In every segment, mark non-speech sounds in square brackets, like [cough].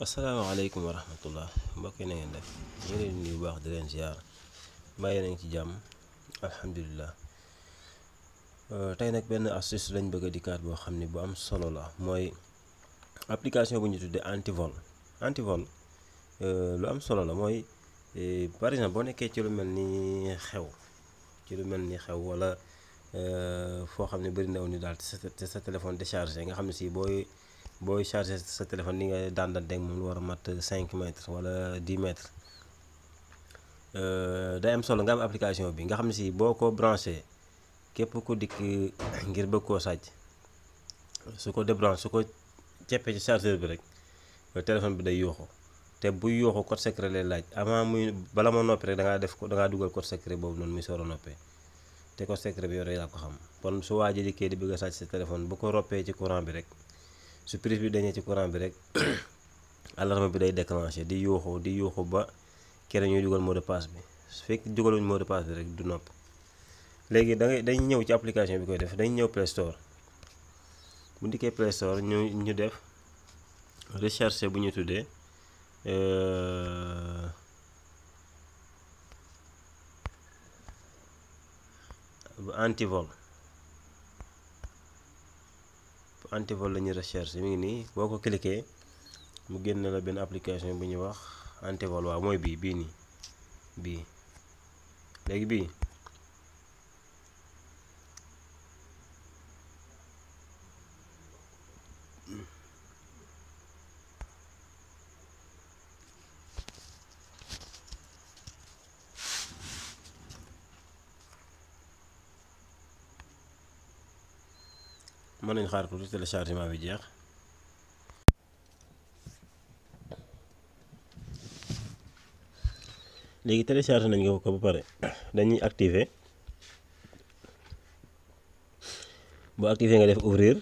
asalaamaaleykum wa rahmatullah mbokk yi na ngeen def ñu bu baax di leen ziar bàyyi nañ ci jàmm alhamdulilah euh, tey nag benn astuce lañ bëgg a dikkaat boo xam ne bu am solo la mooy application bu ñu tuddee antivol antivol euh, lu am solo la mooy euh, par exemple boo nekkee ci lu mel ni xew ci lu mel ni xew wala foo xam ne bari na ni daal te sa sa téléphone déchargé nga xam ne si booy. booy chargé sa téléphone ni nga dàndante moom lu war a mat 5 mètres wala 10 mètres euh, day am solo nga am application bi nga xam ne si boo ko branché képp ko dikk ngir bëgg koo sàjj su ko débranché su ko ceppee ci chargeur bi rek téléphone bi day yooxu te bu yooxu code secret lay laaj avant muy bala ma noppi rek da ngaa def ko da ngaa dugal code secret boobu noonu muy soor a noppee te code secret bi yow rek yaa ko xam kon su waajee dikkee di bëgg a sàcc téléphone bu ko roppee ci courant bi rek. su prise bi dañee ci courant bi rek [clears throat] alarme bi day déclenché di yuuxu di yuuxu ba keneen ñuy dugal mot de passe bi su fekk dugaluñ mot de passe bi rek du nopp léegi da ngay dañ ñëw ci application bi koy def dañ ñëw Play Store bu ndikkee Play Store ñu ñu def recherche bu ñu tuddee euh, antivol antivol la ñuy recherche mi ngi nii boo ko cliquer mu génn la benn application bu ñuy wax antivol waaw mooy bii bii nii bii léegi bii mën nañ xaar tuuti téléchargement bi jeex léegi téléchargé nañ ko ba pare dañuy activer boo activer nga def ouvrir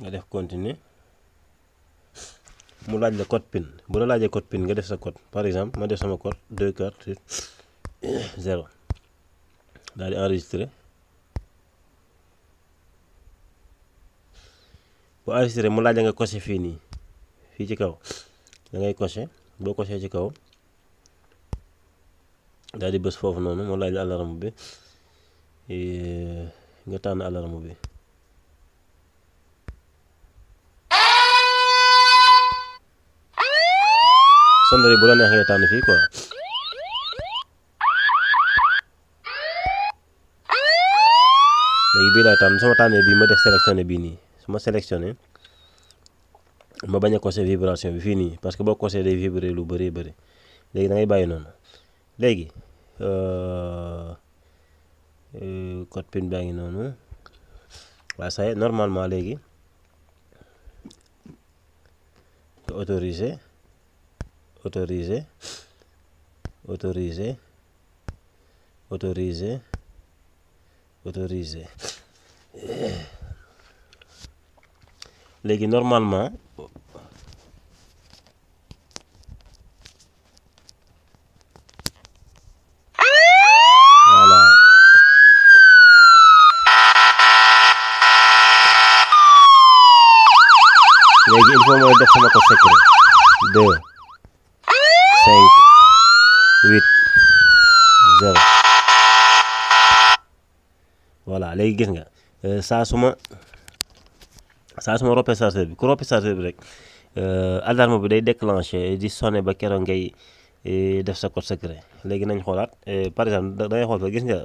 nga def continuer mu laaj la code PIN bu la laajee code PIN nga def sa code par exemple ma def sama code 2 4 8 0 daal di enregistré bu enregistré mu laaj la nga cose fii nii fii ci kaw da ngay coché boo coché ci kaw daal di bës foofu noonu mu laaj la alarme bi nga tànn alarme bi. sonnerie bu la neex ngay tànn fii quoi. léegi bii su ma tànnee ma def sélectionné bii nii su ma ma bañ a coché vibration bi fii nii parce que boo coché day vibré lu bëri bëri léegi da ngay bàyyi noonu léegi euh, euh, code PIN baa ngi noonu waaw ça y normalement léegi autorisé. autorisé autorisé autorisé autorisé léegi normalement voilà léegi il faut mooy def sama ko secret cinq huit zéro voilà léegi gis nga euh, saa su ma saa su ma roppee chargeur bi ku roppee chargeur bi rek euh, alarme bi day déclenché di sonné ba keroog ngay euh, def sa code secret léegi nañ xoolaat par exemple da ngay xool fa gis nga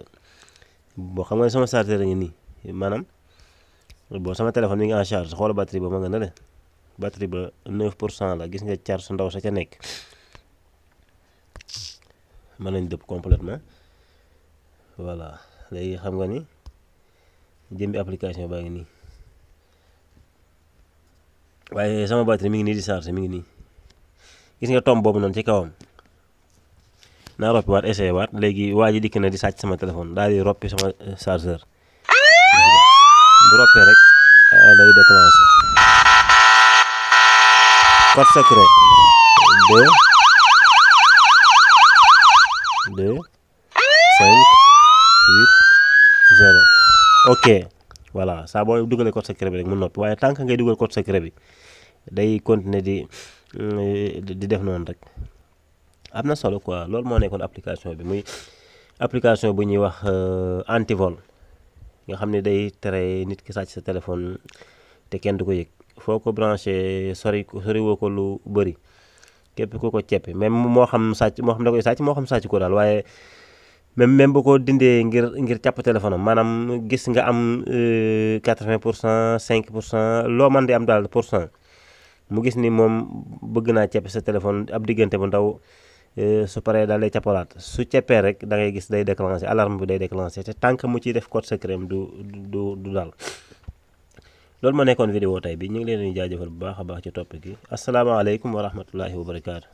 boo xam nga sama chargeur ngi ni maanaam boo sama téléphone mi ngi en charge xoola batterie ba ma nga ne ba 9 pour cent la gis nga charge su ndaw sa ca nekk man nañ dëpp complètement voilà léegi xam nga ni jëmbi application baa ngi nii waaye sama batterie mi ngi nii di chargé mi ngi nii gis nga tomb boobu noonu ci kawam naa roppi waat essayé waat léegi waa ji dikk na di sàcc sama téléphone daal di roppi sama euh, chargeur bu roppee rek lay euh, déclenché code secret 2 2, 5, ok voilà saa boo dugalee code secret bi rek mu noppi waaye tant que ngay dugal code secret bi day continuer di eh, di def noonu rek am na solo quoi loolu moo nekkoon application bi muy application bu ñuy wax eh, antivol nga xam ne day tere nit ki sàcc sa téléphone te kenn du ko yëg foo ko branché sori sori woo ko lu bëri képp ku ko ceppi même moo xam sàcc moo xam da koy sàcc moo xam sàcc ko daal waaye même même bu ko dindee ngir ngir càpp téléphone maanaam gis nga am 80 euh, pour cent cinq pour cent loo man di am daal pour cent mu gis ni moom bëgg naa ceppi sa téléphone ab diggante bu ndaw euh, su paree daal day cappalaat su ceppee rek da ngay gis day déclenché alarme bi day déclenché te tant que mu ciy def code secret du du du daal. loolu ma nekkoon vidéo tey bi ñu ngi leen di jaajëfal bu baax a baax ci topp gi asalaamaaleykum wa rahmatullahi wa barakaatu.